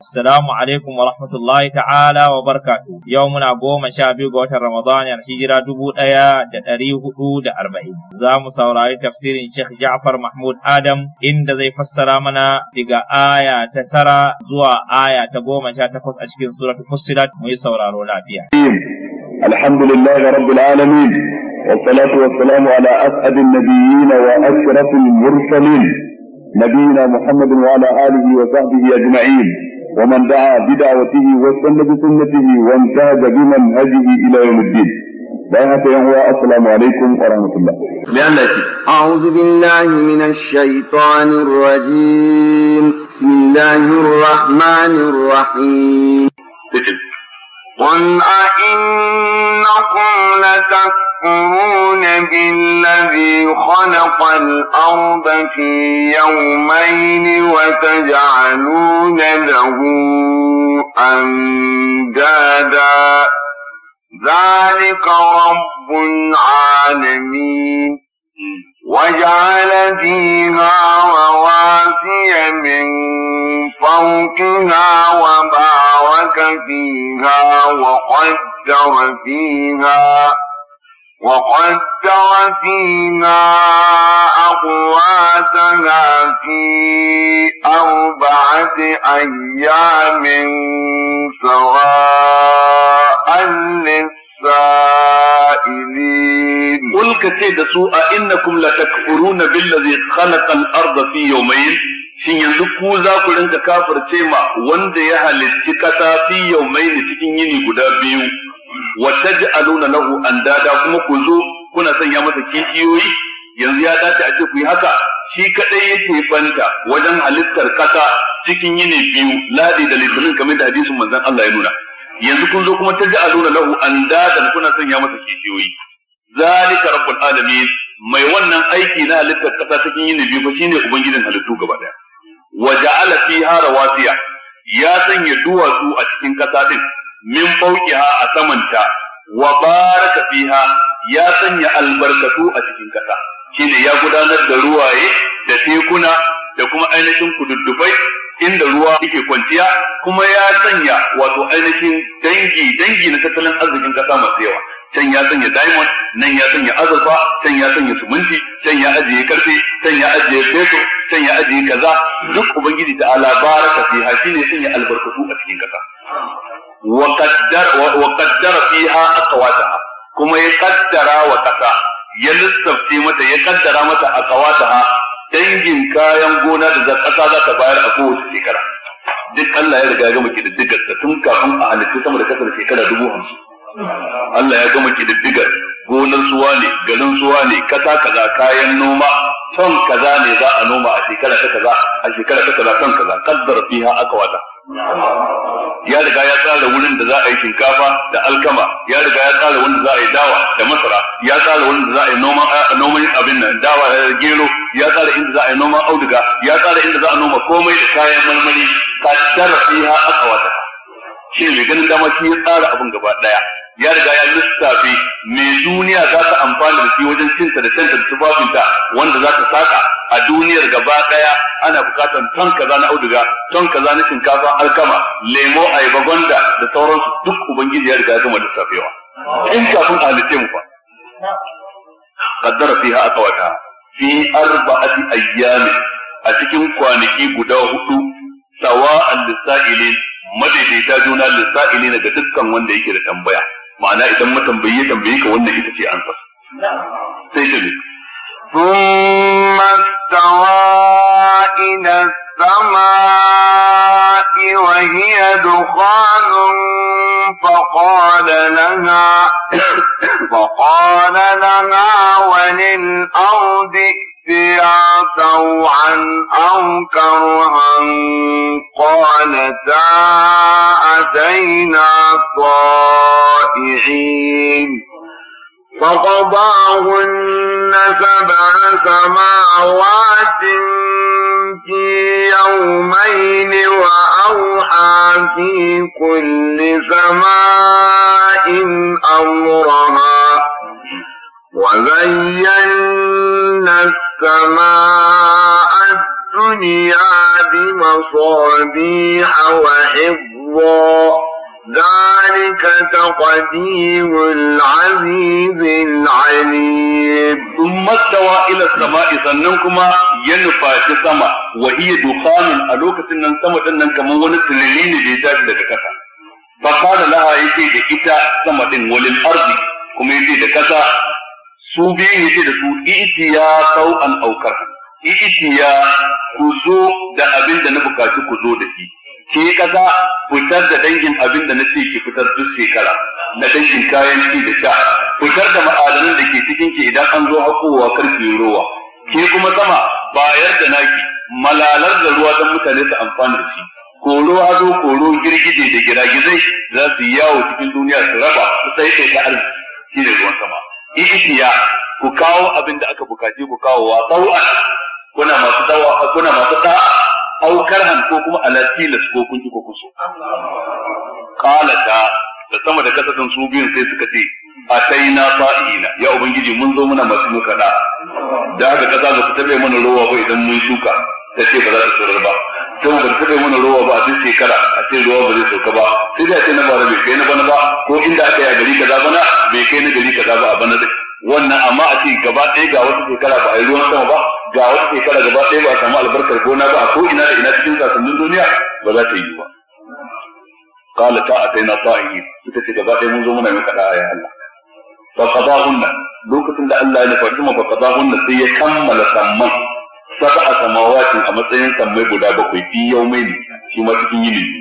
Assalamu alaikum wa rahmatullahi ta'ala wa barkatu. Yau muna goma sha biyu ga watan ramadanar hijira dubu ɗaya da ɗari hudu da arba'in. Za mu saurari tafsirin Sheikh Ja'far Mahmud Adam inda zai fassara mana daga aya ta tara zuwa aya ta goma sha takwas a cikin suratul Fussilat mu yi sauraro lafiya. Alhamdulillahi rabbil alamin. والصلاة والسلام على أسعد النبيين وأشرف المرسلين نبينا محمد وعلى آله وصحبه أجمعين ومن دعا بدعوته واستنى بسنته وانتهج بمنهجه الى يوم الدين السلام عليكم ورحمه الله اعوذ بالله من الشيطان الرجيم بسم الله الرحمن الرحيم قل أئنكم لتكفرون بالذي خلق الأرض في يومين وتجعلون له أندادا ذلك رب العالمين وجعل فيها رواسي من فوقها وبارك فيها وقدر فيها وقدر فيها أقواتها في أربعة أيام سواء للسائلين Ulka ce da su a takfuru na billazi khalaqa al-arda fi yawmayn shin yanzu ku za ku rinka kafirce ma wanda ya halitti kasa fi yawmayn cikin yini guda biyu wa taj'aluna lahu andada kuma ku zo kuna sanya masa kishiyoyi yanzu ya dace a ce ku yi haka shi kadai yake fanta wajen halittar kasa cikin yini biyu ladi da litinin kamar da hadisin manzon Allah ya nuna yanzu kun zo kuma taj'aluna lahu andada kuna sanya masa kishiyoyi zalika rabbul alamin mai wannan aiki na halittar kasa cikin yin biyu fa shine ubangijin halittu gaba daya wa ja'ala fiha rawasiya ya sanya duwatsu a cikin kasa din min fawqiha a samanta wa baraka fiha ya sanya albarkatu a cikin kasa shine ya gudanar da ruwaye da tekuna da kuma ainihin kududdufai inda ruwa yake kwanciya kuma ya sanya wato ainihin dangi dangi na tattalin arzikin kasa masu yawa can ya sanya diamond nan ya sanya azurfa can ya sanya suminti can ya ajiye karfe can ya ajiye feso can ya ajiye kaza duk ubangiji ta ala baraka fiha shine sanya albarkatu a cikin kasa wa qaddara fiha aqwataha kuma ya kaddara wa kasa ya lissafce mata ya kaddara mata aqwataha dangin kayan gona da za kasa za ta bayar a kowace shekara duk Allah ya riga ya gama kididdigar ta tun kafin a halittu sama da kasar shekara dubu hamsin Allah ya gama kididdigar gonar suwa ne garin suwa ne kasa kaza kayan noma ton kaza ne za a noma a shekara ta kaza a shekara ta kaza ton kaza kaddar fiha aka wata ya riga ya tsara wurin da za a yi shinkafa da alkama ya riga ya tsara wurin da za a yi dawa da masara ya tsara wurin da za a yi noman noman abin nan dawa da eh, gero ya tsara inda za a yi noman auduga ya tsara inda za a noma komai da kayan marmari kaddar fiha aka wata Shin ne ganin dama shi ya tsara abin gaba daya ya riga ya lissafe me duniya za ta amfana da shi wajen cinta da shanta da tufafinta wanda za ta saka a duniyar gaba daya ana bukatar ton kaza na auduga ton kaza na shinkafa alkama lemo ayaba gwanda da sauransu duk ubangiji ya riga ya gama lissafewa in kafin a halitte mu fa qaddara fiha aqwata fi arba'ati ayyamin a cikin kwanaki guda hudu sawa'an lisa'ilin madaidaita juna lisa'ilin ga dukkan wanda yake da tambaya ma'ana idan matambayi tambaye ka wannan ita ce ansa sai ta ne ثم استوى إلى السماء وهي دخان فقال لها فقال لها وللأرض في عن أو كرها قالتا أتينا طائعين فقضاهن سبع سماوات في يومين وأوحى في كل سماء أمرها وزينا السماء الدنيا بمصابيح وحفظا ذلك تقدير العزيز العليم ثم استوى إلى السماء سننكما ينفع السماء وهي دخان ألوكة سما سنن كما ونسللين جيتاش لكتا فقال لها يتي دكتا سما وللأرض كما يتي دكتا su biyu ya ce da su itiya an aukar ya ku zo da abin da na bukaci ku zo da shi ke kaza fitar da dangin abin da na ce ki fitar duk shekara na dangin kayan ci da sha fitar da ma'adanan da ke cikin ki idan an zo hakowa karfe rowa ke kuma sama bayar da naki malalar da ruwa don mutane su amfani da shi koro hazo koro girgije da giragizai za su yawo cikin duniya su raba su sai ta arziki shi ne ruwan sama ishiya ku kawo abin da aka bukaci ku kawo wa tau'an kuna masu tawa kuna masu ta au karhan ko kuma ala ko kun ji ko kun qalata da sama da kasatan su biyun sai suka ce ataina fa'ina ya ubangiji mun zo muna masu muka da da haka kaza ku ta tabe mana ruwa ba idan mun shuka ta ce ba za ta tsorar ba don ban taɓa mana ruwa ba a duk shekara a ce ruwa ba zai sauka ba sai da ce na fara bai kai na bana ba ko inda aka yi a gari kaza bana bai kai na gari kaza ba a bana duk wannan amma a ce gaba ɗaya ga wata shekara ba a yi ruwan sama ba ga wata shekara gaba ɗaya ba a samu albarkar gona ba a ko ina da ina cikin kasannin duniya ba za ta yi ba Kala ta a a ba yi. ce gaba ɗaya mun zo muna kaɗa فأتينا طائعين سكت جبائي منذ lokacin da Allah يا الله فقضاهن لوكة لألا ينفعهما sai ya kammala سمم sab'a samawatin a matsayin sammai guda bakwai fi yawmaini su ma cikin yini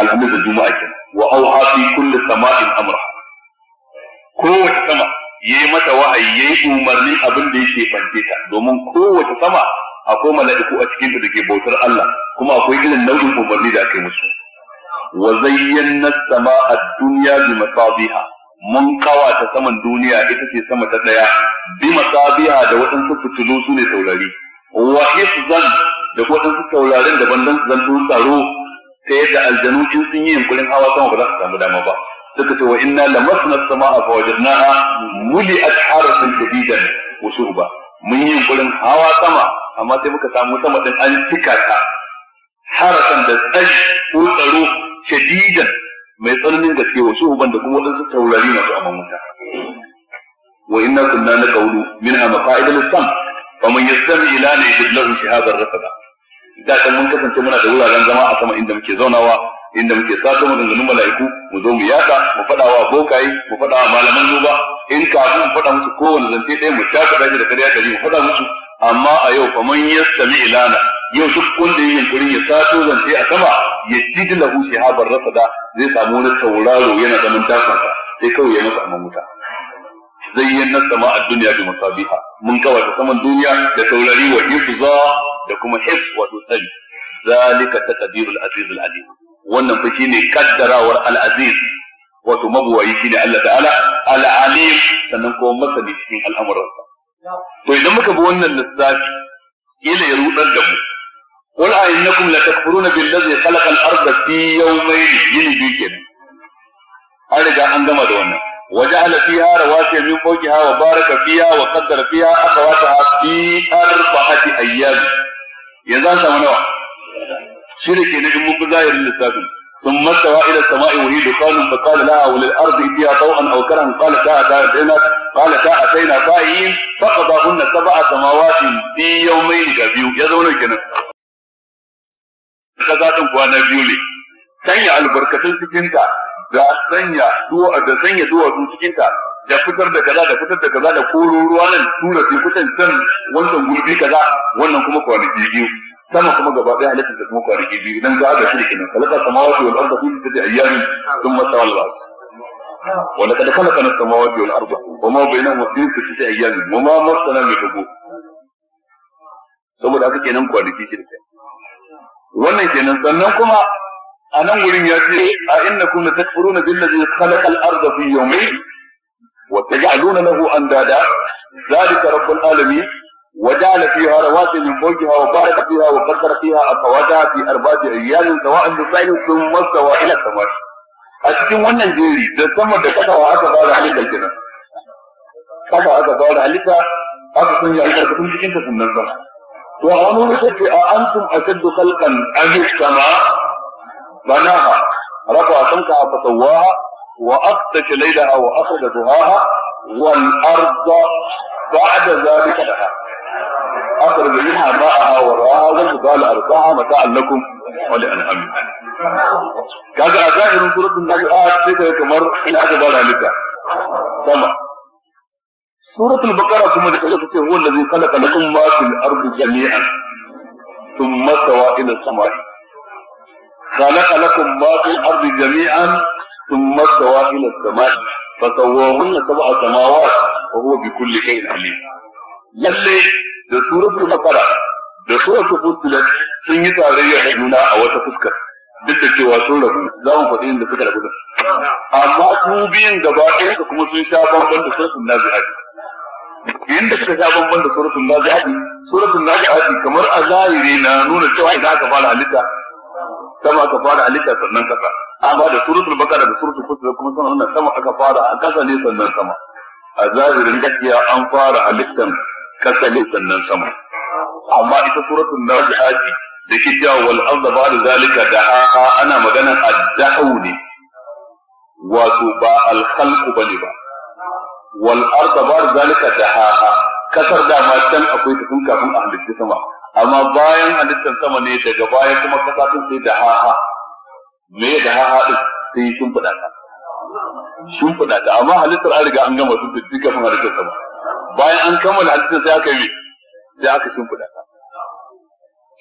alhamis da juma'a ke. wa auha fi kulli sama'in amra kowace sama yayi mata wahayi yayi umarnin abin da yake fante ta domin kowace sama akwai mala'iku a cikin da ke bautar Allah kuma akwai irin nau'in umarni da aka yi musu wa zayyana sama'a ad-dunya bi masabiha mun kawata saman duniya ita ce sama ta ɗaya bi masabiha da waɗansu fitilu su ne taurari wa hifzan da waɗansu taurarin daban bandan su zanto tsaro ta yadda aljanu in sun yi yunkurin hawa sama ba za su samu dama ba suka ce wa inna lamasna sama'a fa wajadnaha muli'at harasan shadidan wa shu'ba mun yi yunkurin hawa sama amma sai muka samu sama din an cika ta harasan da tsayi ko tsaro shadidan mai tsananin gaske wa shuhuban da kuma wadansu taurari masu aman wuta wa inna kunna na qawlu minha maqa'idul sam faman yastami ila la yajid lahu shihabar rasada da kan mun kasance muna da wuraren zama a sama inda muke zaunawa inda muke sato mu dangane mala'iku mu zo mu yaka mu faɗawa wa bokaye mu faɗa wa malaman duba in kafin mu faɗa musu kowane zance ɗaya mu tafi da da kariya gari mu faɗa musu amma a yau faman yastami ilana yau duk wanda ya yunkurin ya sato zance a sama ya jiji lahu rasa da zai samu wani tauraro yana zaman dakansa sai kawai ya masa amman wuta zayyana sama a duniya bi masabiha mun kawata saman duniya da taurari wa hifza da kuma hifz wato tsari zalika taqdirul aziz al alim wannan fa shine kaddarawar al aziz wato mabuwayi shine Allah ta'ala al alim sannan kuma masani cikin al'amuransa to idan muka bi wannan lissafi ila ya rudar da mu إنكم لتكفرون بالذي خلق الأرض في يومين يلي بيكين أرجع أن جمع دونه وجعل فيها رواسي من فوقها وبارك فيها وقدر فيها أخواتها في أربعة أيام يزال سمنوع شركة نجم مقزاير للسابق ثم استوى إلى السماء وهي دخان فقال لها وللأرض فيها طوعا أو كرها تا أتينا تا أتينا طائعين فقضاهن سبع سماوات في يومين كبيو يزال كنا kaza din na biyu ne sanya albarkatun cikinta da sanya duwa da sanya duwatsu cikin ta da fitar da kaza da fitar da kaza da koro ruwa nan tura su kusan can wannan gurbi kaza wannan kuma kwanaki biyu sama kuma gaba ɗaya halittar da kuma kwanaki biyu idan za a ga shirki nan kalaka samawati wal arda fi sittati ayyamin thumma tawalla ولقد خلقنا السماوات والارض وما بينهما في سته ايام وما مسنا من لغوب saboda haka kenan kwanaki shirka wannan kenan sannan kuma a nan wurin ya ce a innakum la takfuruna billazi khalaqa al-ardha fi yawmayn wa taj'aluna lahu andada zalika rabbul alamin وجعل فيها رواسي من فوقها وبارك فيها وقدر فيها أقواتها في أربعة أيام سواء بسائل ثم استوى إلى السماء a cikin wannan jeri da sama da kasawa aka fara halitta kenan kasawa aka fara halitta aka sun yi albarkatun cikin ta sunan sama وعمر يقول أأنتم أشد خلقا أم السماء بناها رفع سمكها فسواها وأقتش ليلها وأخرج ضحاها والأرض بعد ذلك لها أخرج منها ماءها وراءها والجبال أرساها متاعا لكم ولأنعامكم كذا a zahirin suratul nahl a sai يتمر إن ina da bara suratul baqara kuma da kaje kace huwa allazi khalaqa lakum ma fil ardi jami'an thumma tawa ila samai khalaqa lakum ma fil ardi jami'an thumma tawa ila samai fasawwahunna sab'a samawat wa huwa bikulli lalle da suratul baqara da suratul fussilat sun yi tarayya da juna a wata fuskar duk da cewa sun rabu za mu faɗi inda suka rabu amma su biyun gaba ɗaya kuma sun sha bambam da suratul nazi'at yanda suka sha bamban da suratul nazi'ati suratul nazi'ati kamar a zahiri na nuna cewa idan aka fara halitta sama aka fara halitta sannan kasa amma da suratul baqara da suratul fusilat kuma sun nuna sama aka fara a kasa ne sannan sama a zahirin gaskiya an fara halittan kasa ne sannan sama amma ita suratul nazi'ati da ke cewa wal arda da zalika da ana maganan ad-dahu ne wato ba al-khalqu bane ba wal arda ba zalika dahaha kasar da ma can akwai ta tun kafin a halittar sama amma bayan halittar sama ne daga baya kuma kasa tun sai dahaha me dahaha din sai sun fada ta sun fada ta amma halittar an riga an gama sun fi kafin halittar sama bayan an kammala halittar sai aka yi sai aka sun fada ta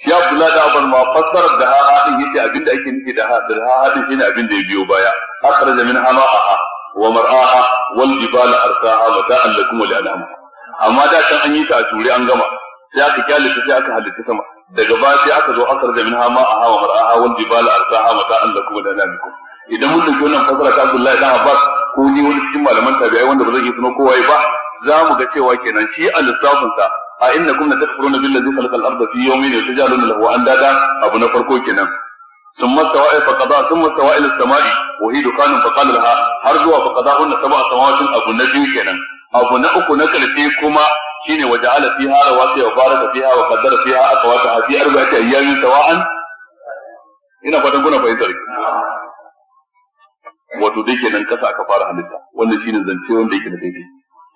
shi Abdullahi da Abban ma fassarar da haha din yace abinda ake nufi da haha din shine abinda ya biyo baya akhraja min ha. wa mar'aha wal jibala arsaha mata'an lakum wa li'anamikum amma da kan an yi ta a an gama sai aka kyale sai aka halitta sama daga baya sai aka zo akar da minha ma aha wa mar'aha wal jibala arsaha mata'an lakum wa li'anamikum idan mun dauki wannan ta Abdullahi dan Abbas ko ni wani cikin malaman tabi'ai wanda ba zan iya tuno kowa ba za mu ga cewa kenan shi a lissafin sa a innakum la takfuruna billazi khalaqa al ne fi yawmin wa tajaluna lahu andada abu na farko kenan ثم استوى فقضى ثم استوى الى السماء وهي دخان فقال لها har zuwa fa qadahunna sab'a samawatin abu na biyu kenan abu na uku na karfe kuma shine wa ja'ala fiha rawasiya wa baraka fiha wa qaddara fiha aqwata fi arba'ati ayyamin sawa'an ina fatan kuna fahimtar wato dai kenan kasa aka fara halitta wannan shine zance wanda yake da daidai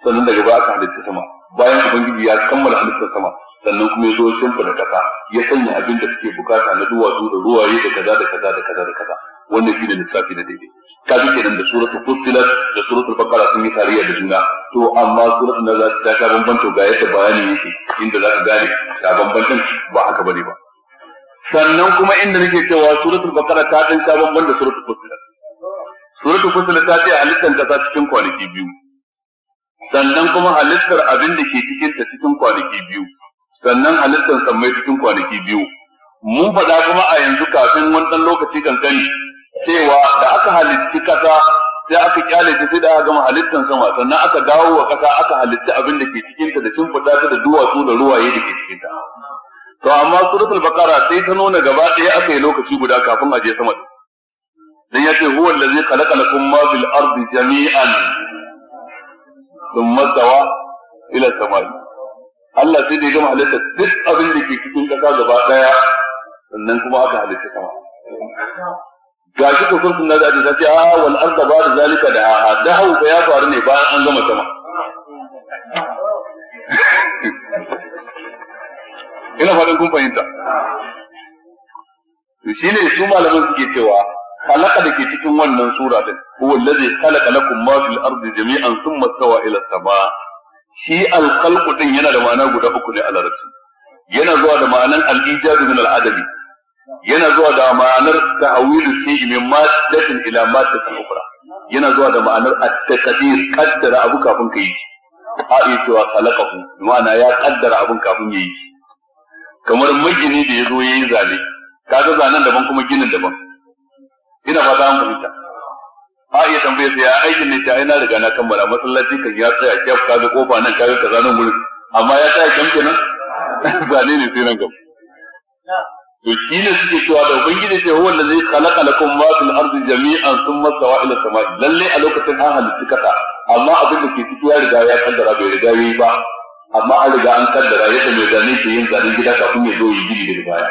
sannan daga baya aka halitta sama bayan ubangiji ya kammala halittar sama sannan kuma ya zo ya shimfiɗa ƙasa ya sanya abin da suke bukata na duwatsu da ruwaye da kaza da kaza da kaza da kaza wannan da lissafi na daidai ka fi kenan da suratul fussilat da suratul baqara sun yi tariya da juna to amma suratul nan za ta ta bambanta ga yadda bayani yake inda za ka gane ta bambantan ba haka bane ba sannan kuma inda nake cewa suratul baqara ta dan sha bambanta da suratul fussilat suratul fussilat ta ce halittar kasa cikin kwanaki biyu sannan kuma halittar abin da ke cikin ta cikin kwanaki biyu sannan halittar sammai cikin kwanaki biyu mun faɗa kuma a yanzu kafin wani lokaci kan kankani cewa da aka halitti kasa sai aka kyale ta sai da aka gama halittar sama sannan aka dawo wa kasa aka halitti abin da ke cikinta da fada ta da duwatsu da ruwaye da ke cikinta to amma suratul baqara sai ta nuna gaba ɗaya aka yi lokaci guda kafin a je sama dan yace huwa allazi khalaqa lakum ma fil ardi jami'an thumma dawa ila samai Allah sai da ya gama halitta duk abin da ke cikin ƙasa gaba ɗaya sannan kuma aka halitta sama ga shi ko sun da aji sai a wal arda ba da zalika da ha da hau ya faru ne bayan an gama sama ina fadin kun fahimta shi ne su malaman suke cewa khalaqa da ke cikin wannan sura din huwa allazi khalaqa lakum ma fil ardi jami'an thumma stawa ila as-sama' shi alkhalqu din yana da ma'ana guda uku ne a larabci yana zuwa da ma'anar al-ijazu min al-adabi yana zuwa da ma'anar ta'awilu fi min maddatin ila maddatin ukhra yana zuwa da ma'anar at-taqdir qaddara abu kafin kai a yi cewa khalaqahu ma'ana ya kaddara abun kafin yayi kamar magini da yazo yayi zane kaga zanen daban kuma ginin daban ina fata an fahimta a iya tambaye su ya aikin ne ta ina riga na kammala masallaci kan ya tsaya kyaf ka ga kofa nan ka ga kaza nan gurin amma ya tsaya kyam kenan zane ne sai nan gaba to shi ne suke cewa da ubangiji ce huwa allazi khalaqa lakum ma fil ardi jami'an thumma stawa ila samai lalle a lokacin an halitta kasa amma abin da ke ciki ya riga ya kaddara bai riga yi ba amma an riga an kaddara yadda mai zane ke yin zanen gida kafin ya zo yi gidi da baya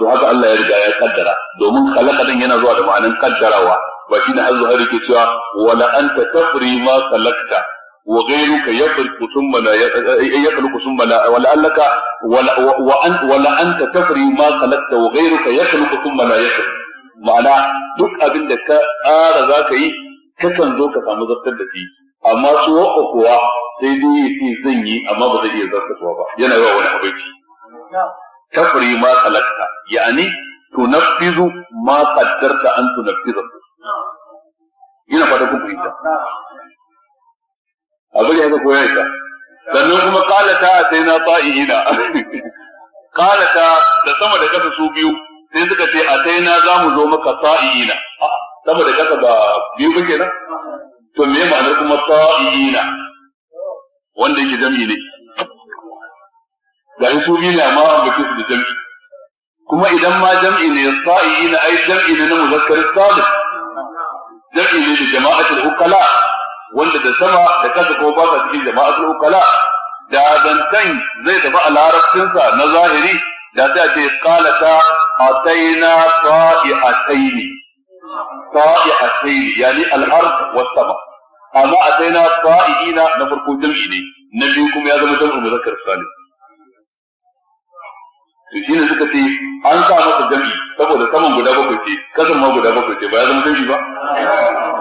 to haka Allah ya riga ya kaddara domin khalaqa din yana zuwa da ma'anan kaddarawa ba shi ne Allah har yake cewa wala anta tafri ma salakta wa ghayruka yafriku thumma la yakhluqu thumma la wala allaka wa an wala anta tafri ma salakta wa ghayruka yakhluqu thumma la yakhluqu ma'ana duk abin da ka tsara za ka yi kakan zo ka samu zartar da shi amma su wakwa kuwa sai dai yi ce zan yi amma ba zai iya zartarwa ba yana yawa wani abinci tafri ma salakta ya'ani tunaffizu ma qaddarta an tunaffizahu ina fata ku fahimta abu da aka koya ita sannan kuma kalata sai na ina kalata da sama da kasa su biyu sai suka ce a sai na za mu zo maka ina sama da kasa ba biyu ba kenan to me ma'anar kuma ina wanda yake jam'i ne ga su biyu ne amma an bace su da jam'i. kuma idan ma jam'i ne sa'i na ai jam'i ne na muzakkar salih jam'i ne da jama'atul ukala wanda da sama da kasa ko ba sa cikin jama'atul ukala da zantan zai tafi a larabcinsa na zahiri da ta ce qalata ataina ta'i'ataini ta'i'ataini yani al-ard was sama amma ataina ta'iina na farko jam'i ne na biyu kuma ya zama jam'u muzakkar salim to shine suka ce an sa masa jam'i saboda saman guda bakwai ce kasan ma guda bakwai ce ba ya zama dangi ba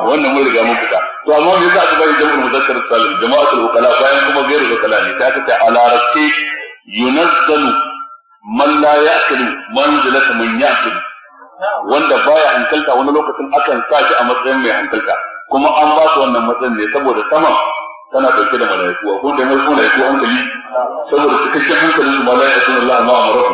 wannan mun riga mun fita to amma me yasa aka bari jama'ul muzakkar salim jama'atul ukala bayan kuma gairu ukala ne ta kace ala rakki yunazzalu man la ya'kulu manzilata man ya'kulu wanda baya hankalta wani lokacin akan sa shi a matsayin mai hankalta kuma an ba su wannan matsayin ne saboda saman tana dauke da malaiku ko da malaiku hankali saboda cikakken hankalin su malaiku sun Allah ma amara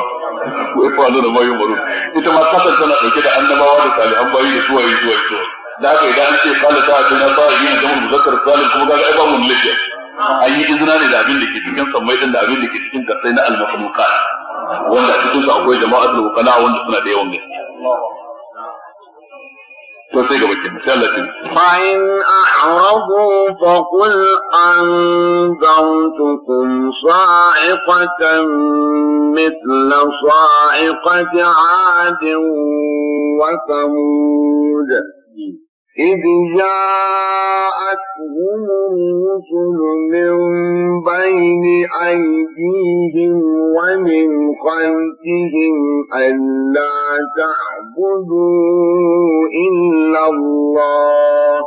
wa yafa'alu da ma yumarun ita ma kasar tana dauke da annabawa da salihan bayi da suwaye suwaye suwaye da haka idan an ce qala ta'atuna sa'iyin jama'ul muzakkar salim kuma kaga ai ba mu lafiya an yi izina ne da abin da ke cikin sammai din da abin da ke cikin kasai na al-makhluqat wanda cikin su akwai jama'a jama'atul uqala wanda suna da yawan gaske sosai gaba ke sai Allah ke fa'in a'rabu fa qul an zantukum sa'iqatan mithla sa'iqati 'adin wa thamud إذ جاءتهم الرسل من بين أيديهم ومن خلفهم ألا تعبدوا إلا الله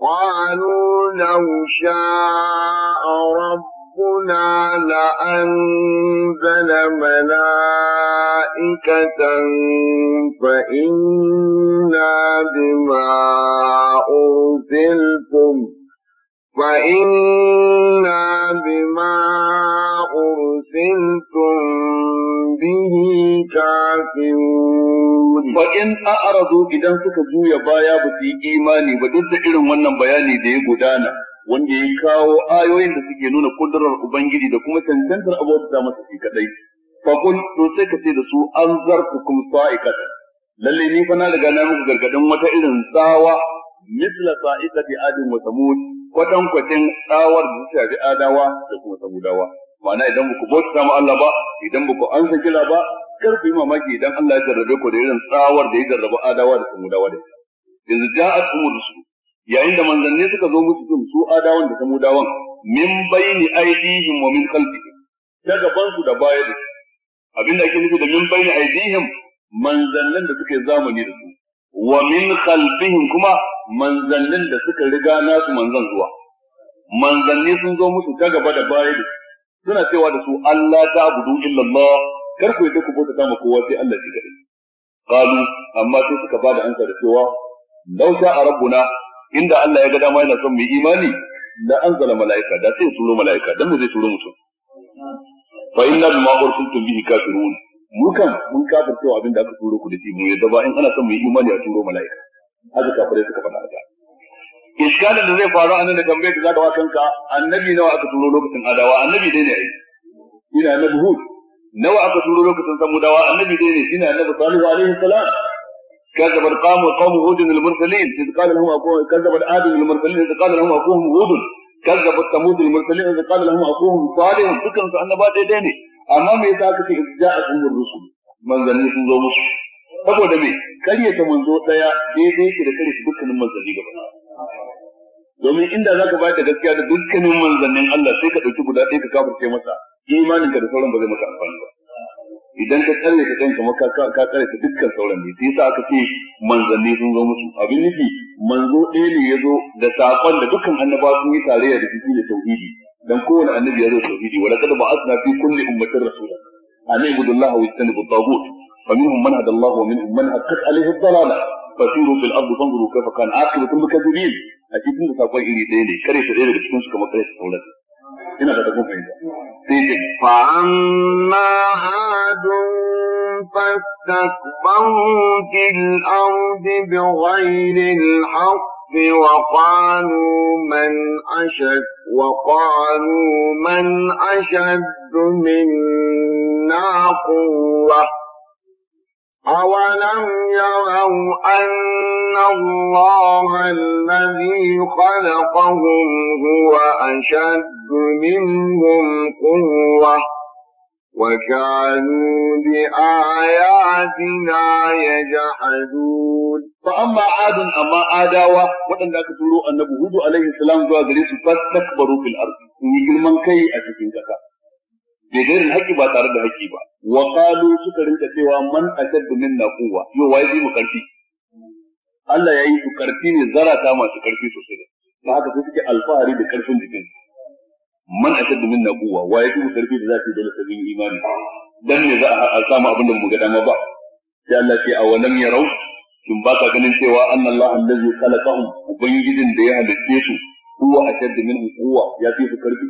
قالوا لو شاء ربنا ربنا لأنزل ملائكة فإنا بما أرسلتم فإنا بما أرسلتم به كافرون فإن أعرضوا إذا سكتوا يا بايا بتي إيماني بدل إلهم wannan بياني دي ya wanda ya kawo ayoyin da suke nuna kudurar ubangiji da kuma cancantar da masa shi kadai fa to sai ka ce da su an kuma sa'ikata. lalle ni fa na riga na muku gargadin wata irin tsawa misla sa'iqati adin wa samud kwatan kwatin tsawar da ta bi adawa da kuma samudawa ma'ana idan ku bauta ma Allah ba idan ku ansa kira ba kar ku yi mamaki idan Allah ya jarrabe ku da irin tsawar da ya jarraba adawa da samudawa da yanzu ja'at umur rusul yayin da manzanni suka zo musu din su adawan da dawan. min baini aidihim wa min khalfihim ta gaban su da baya da su abinda ake nufi da min baini aidihim manzannin da suke zamani da su wa min khalfihim kuma manzannin da suka riga nasu manzan zuwa manzanni sun zo musu ta gaba da baya da su suna cewa da su Allah ta abudu illallah kar ku yadda ku bauta ma kowa sai Allah shi kadai qalu amma sai suka bada ansa da cewa law sha'a rabbuna inda Allah ya ga dama yana son mai imani da anzala mala'ika da sai turo mala'ika dan mu zai turo mutum fa inna bima ursiltum bihi kafirun mu Mukan mun kafirce abin da aka turo ku da shi mu yadda ba in ana son mu yi imani a turo mala'ika haka kafirai suka faɗa da iskalin da zai faru anan da tambayar da zaka wa kanka annabi nawa aka turo lokacin adawa annabi dai ne ai ina annabi hud nawa aka turo lokacin samu dawa? annabi dai ne ina annabi salihu alaihi salam كذب القوم قوم هود المرسلين إذ قال لهم أخوهم كذب عاد المرسلين إذ قال لهم أخوهم هود كذب ثمود المرسلين إذ قال لهم أخوهم صالح ذكر فأنبا ديديني أما ميتا كتي إذ جاءتهم الرسل من ذنبي سنزو مسلم saboda me karyata manzo daya daidai yake da karyata dukkanin manzanni gaba domin inda za ka bada gaskiya da dukkanin manzannin Allah sai ka ɗauki guda ɗaya ka kafirce masa imanin ka da sauran ba zai maka amfani idan ka tsare ka kanka ma ka tsare ka dukkan sauran ne sai sa aka ce manzanni sun zo musu abin nufi manzo ɗaya ne ya zo da saƙon da dukkan annaba sun yi tarayya da shi da tauhidi dan kowane annabi ya zo tauhidi wala kad ba'athna fi kulli ummatin rasula an ibudu Allah wa yastanibu tagut fa minhum man hada Allah wa minhum man haqqat alayhi ad-dalala fasiru fil ardi fanzuru kayfa kana aqibatu al-mukaththibin a cikin da saƙon iri ɗaya ne kare ta ɗaya daga cikin su kamar kare ta sauran إيه. فأما عاد فاستكبروا في الأرض بغير الحق وقالوا من أشد وقالوا من أشد منا قوة أولم يروا أن الله الذي خلقهم هو أشد منهم قوة وكانوا بآياتنا يجحدون فأما عاد أما آداوة وأن ذاك تقولوا أن هود عليه السلام جاء جريس فاستكبروا في الأرض ويقول من كي أتكين بغير الحق با تارد الحق با وقالوا سكرين تتوى من أشد منا قوة يو وايدي مكرفي Allah ya yi su karfi ne zarata masu karfi sosai da ta haka sai suke alfahari da karfin jikin man a ashaddu min quwwa wa ya kuma karfi da yi da lafazin imani dan ne za a samu abin da mu ga dama ba sai Allah ce ya yarau kin ba ka ganin cewa anna Allah allazi khalaqahum ubangijin da ya halitte su huwa ashaddu minhum quwwa ya fi su karfi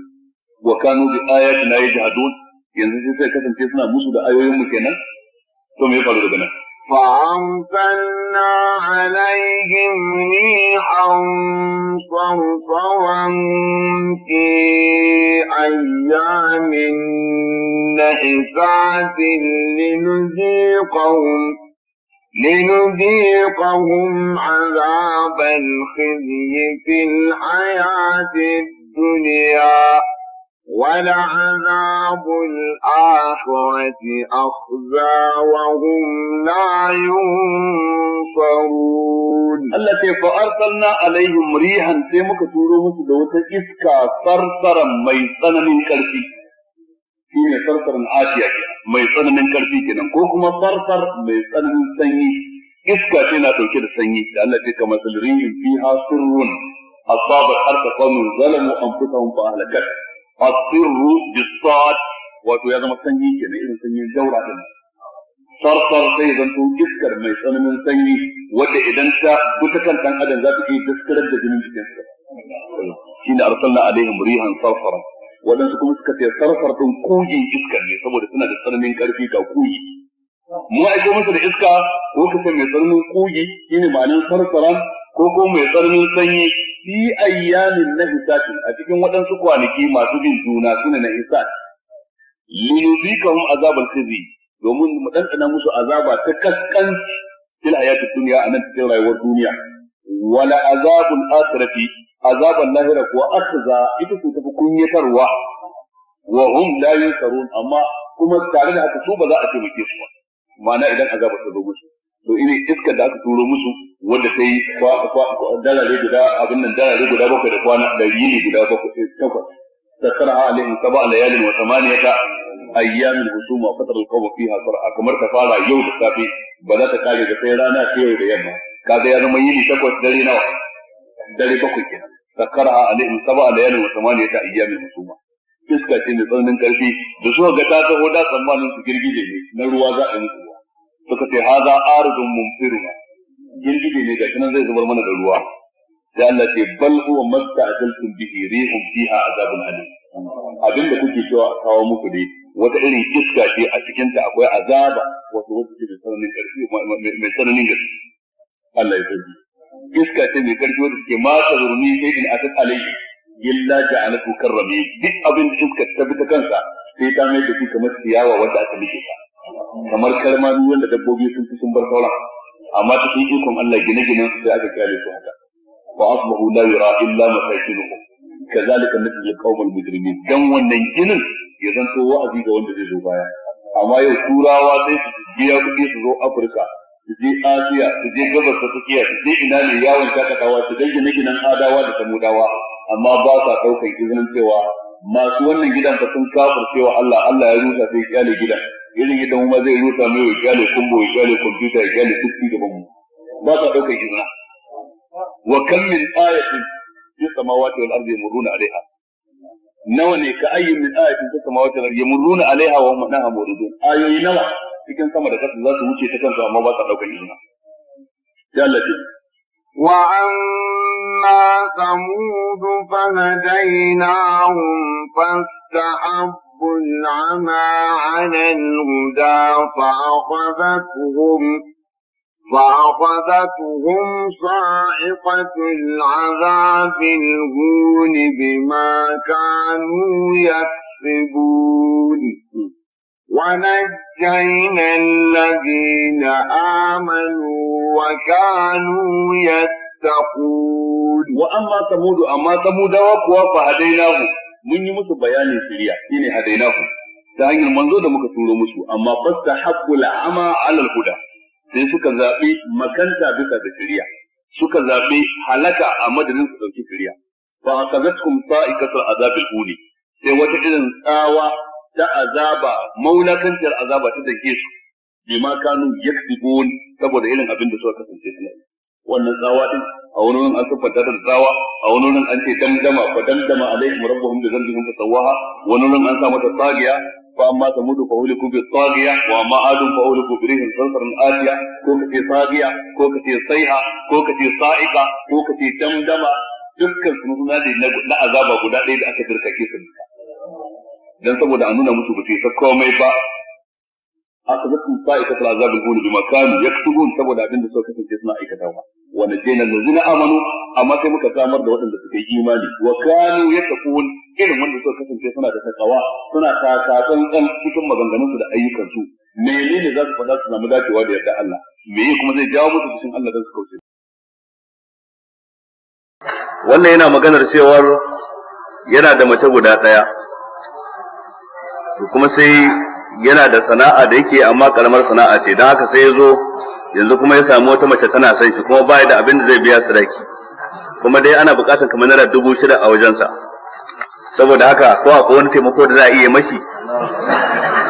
wa kanu bi ayatina yajhadun yanzu sai kasance suna musu da ayoyin mu kenan to me ya faru daga nan فأمطرنا عليهم ريحا صرصرا في أيام نحسات لنذيقهم لنذيقهم عذاب الخزي في الحياة الدنيا ولعذاب الآخرة أخزى وهم لا ينصرون التي فأرسلنا عليهم ريحا سيمك سوره سدوة إسكا صرصرا ميصنا من كرفي كينا صرصرا آشيا ميصنا من كرفي كنا كوكما صرصر ميصنا من سني إسكا سينا توكيد سني التي كمثل ريح فيها سر أصابت حرث قوم ظلموا أنفسهم فأهلكتهم asirru bisad wato ya zama sanyi ke kenan irin sanyin daura din sarsar sai zan to iskar mai tsananin sanyi wadda idan ta buta kan dan adam za ta iya daskarar da jinin jikinsa shine arsalna alaihim rihan sarsara waɗansu kuma suka ce sarsar ɗin kugin iskar ne saboda suna da tsananin ƙarfi ga kugi mu aiko masa da iska ko lokacin mai tsananin kogi ne ma'anin sarsaran ko ko mai tsananin sanyi fi ayyamin na hisati a cikin waɗansu kwanaki masu bin juna suna na hisati linuzikahum azabar khizi domin mu ɗanɗana musu azaba ta kaskanci fil hayatid dunya anan cikin rayuwar duniya wala azabul akhirati azabal lahira ko akhza ita ce tafi kunyatarwa wa hum la amma kuma tare da haka su ba za a taimake su ba ma'ana idan a ta zo musu to ina iska da aka turo musu wanda ta yi dalare guda abin nan dalare guda bakwai da kwana da yini guda bakwai eh, takwas tattara alaihim saba layalin wa ta ayyamin husuma fatar alqawm fiha sar'a kamar ta fara yau da safe ba za ta kare da sai rana ta yau da yamma kaga ya zama yini takwas dare nawa dare bakwai kenan tattara alaihim saba layalin wa ta ayyamin husuma iska ce mai tsananin karfi da suka ga ta taho da tsammanin su girgije ne na ruwa za a yi musu suka ce haza aridun mumtiruna girgije ne ga nan zai zubar mana da ruwa da Allah ce bal huwa masta'jaltum bihi rihum fiha azabun alim abin da kuke cewa a kawo muku dai wata irin iska ce a cikin ta akwai azaba wato wata ce mai tsananin karfi mai tsananin gaske Allah ya sani iska ce mai karfi wanda ke ma ta zurni sai in atat alayhi illa ja'alatu karrami duk abin da iska ta bi ta kansa sai ta mai da shi kamar ciyawa wata aka mike ta kamar karma duk wanda dabbobi sun fi sun bar sauran amma ta cikin ikon Allah gine-ginen su sai aka kyale su haka fa asbahu la yura illa masakinuhum kazalika najzi qaumal mujrimin dan wannan ginin ya zanto wa'azi ga wanda zai zo baya amma yau turawa sai su biya kuɗi su zo Afirka su je Asiya su je gabas ta tsakiya su je ina ne yawon shakatawa su dai gine-ginen adawa da samudawa amma ba sa ɗaukar izinin cewa masu wannan gidan fa sun kafir cewa Allah Allah ya rusa sai kyale gidan irin yadda mu ma zai rusa mai ya kyale kumbo ya kyale kwamfuta ya kyale kuski gaban mu ba sa ɗaukar izina wa kan min ayatin fi samawati wal ardi yamurruna alaiha nawa ne ka ayyin min ayatin fi samawati wal ardi yamurruna alaiha wa hum anha muridun ayoyi nawa cikin sama da kasa za su wuce ta kansu amma ba sa ɗaukar izina ya Allah وأما ثمود فهديناهم فاستحبوا العمى على الهدى فأخذتهم فأخذتهم صاعقة العذاب الهون بما كانوا يكسبون ونجينا الذين آمنوا وكانوا يتقون وأما ثمود أما ثمود وقوا فهديناه mun yi musu bayanin shari'a shine ku? ta hanyar manzo da muka turo musu amma haqqul ama 'ala huda sai suka zabi makanta bisa da shari'a suka zabi halaka a madadin su dauki shari'a fa akazatkum sa'ikatul azabil uli sai wata irin tsawa ta azaba maulakantar azaba ta dake su bima kanu yakdibun saboda irin abin da suka kasance suna wannan tsawa din a wani wurin an siffanta da tsawa a wani wurin an ce dandama fa dandama alaihim rabbuhum bi dhanbihim fa sawaha wani wurin an sa mata tsagiya fa amma samudu fa uliku bi tsagiya wa amma adu fa uliku bi rihin sanfarin atiya ko kace tsagiya ko kace saiha ko kace sa'ika ko kace dandama dukkan sununa ne na azaba guda ɗaya da aka dirkake su dan saboda a nuna musu ba sai komai ba أخذتهم طائفة العذاب الأولى ya كانوا يكتبون saboda abin da suka kasance suna aikatawa wa najina zina amanu amma sai muka samar da waɗanda suka yi imani wa kanu yattaqun irin wanda suka kasance suna da takawa suna takatan ɗan cikin maganganunsu da ayyukan su menene za su faɗa su samu dacewa da yarda Allah me kuma zai jawo musu cikin Allah da su kauce wannan yana maganar cewar yana da mace guda ɗaya kuma sai yana da sana'a da yake amma karamar sana'a ce don haka sai ya zo yanzu kuma ya samu wata mace tana son shi kuma bai da abin da zai biya sadaki kuma dai ana buƙatar kamar naira dubu shida a wajensa saboda haka ko akwai wani taimako da za a iya mashi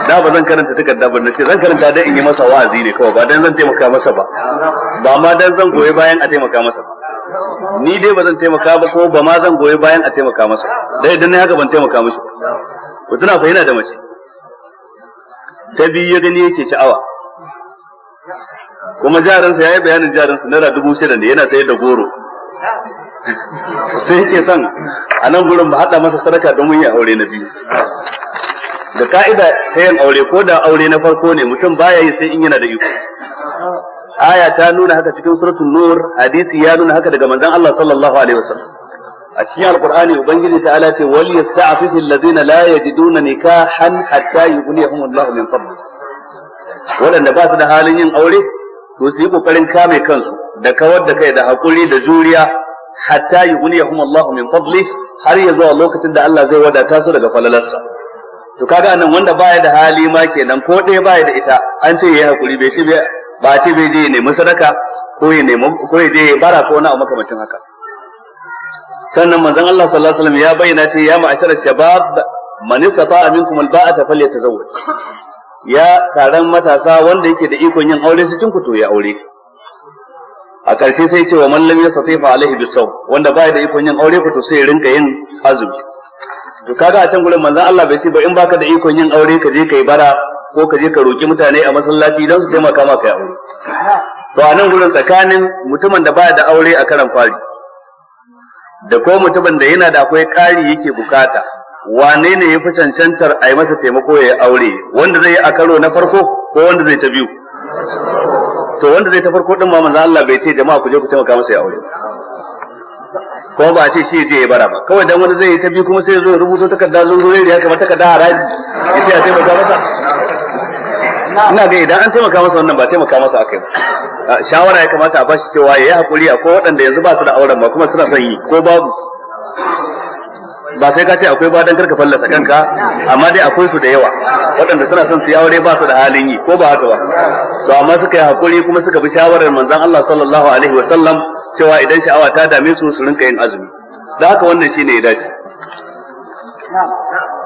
da ba zan karanta takarda ba ce zan karanta dan in yi masa wa'azi ne kawai ba dan zan taimaka masa ba ba ma dan zan goyi bayan a taimaka masa ba ni dai ba zan taimaka ba ko ba ma zan goyi bayan a taimaka masa dai idan ne haka ban taimaka mishi ba ku tuna fa yana da mace ta biyu ya gani yake sha'awa kuma jarinsa ya yi bayanin jarinsa naira dubu shida ne yana sayar da goro sai yake son a nan gurin ba haɗa masa sadaka don mun yi aure na biyu da ka'ida ta yin aure ko da aure na farko ne mutum baya yi sai in yana da iko aya ta nuna haka cikin suratul nur hadisi ya nuna haka daga manzon Allah sallallahu alaihi wasallam a cikin alqur'ani ubangiji ta ala ce wal yasta'fifu alladhina la yajiduna nikahan hatta yughniyahum Allahu min fadli waɗanda ba su da halin yin aure to su yi kokarin kame kansu da kawar da kai da hakuri da juriya hatta yughniyahum Allahu min fadli har ya zuwa lokacin da Allah zai wadata su daga falalarsa to kaga anan wanda baya da hali ma kenan ko ɗaya baya da ita an ce yayi hakuri bai ce ba ce bai je ya nemi sadaka ko ya nemi ko ya je bara ko wani abu haka sannan manzon Allah sallallahu alaihi wasallam ya bayyana ce ya ma'ashar shabab man istata'a minkum alba'ata falyatazawwaj ya taron matasa wanda yake da ikon yin aure su ku to ya aure a ƙarshe sai ce wa mallam ya sasefa alaihi bisau wanda baya da ikon yin aure ku to sai rinka yin azumi to kaga a can gurin manzon Allah bai ce ba in baka da ikon yin aure ka je kai bara ko ka je ka roki mutane a masallaci don su taimaka maka ya aure to a nan gurin tsakanin mutumin da baya da aure a karan fari da ko mutumin da yana da akwai kari yake bukata wane ne ya fi cancantar a yi masa taimako ya yi aure wanda zai yi a karo na farko ko wanda zai ta biyu to wanda zai ta farko din ma manzo Allah bai ce jama'a ku je ku taimaka masa ya aure ko ba a ce shi je ya bara ba kawai dan wani zai yi ta biyu kuma sai ya zo rubuto takarda zo zo ya kamar takarda raji ya ce a taimaka masa ina ga idan an taimaka masa wannan ba taimaka masa akai ba shawara ya kamata a bashi cewa yayi hakuri akwai waɗanda yanzu ba su da auren ba kuma suna son yi ko babu ba sai ka ce akwai ba dan karka fallasa kanka amma dai akwai su da yawa waɗanda suna son su yi aure ba su da halin yi ko ba haka ba to amma suka yi hakuri kuma suka bi shawarar manzon Allah sallallahu alaihi wa sallam cewa idan sha'awa ta dame su su rinka yin azumi da haka wannan shine ya dace na'am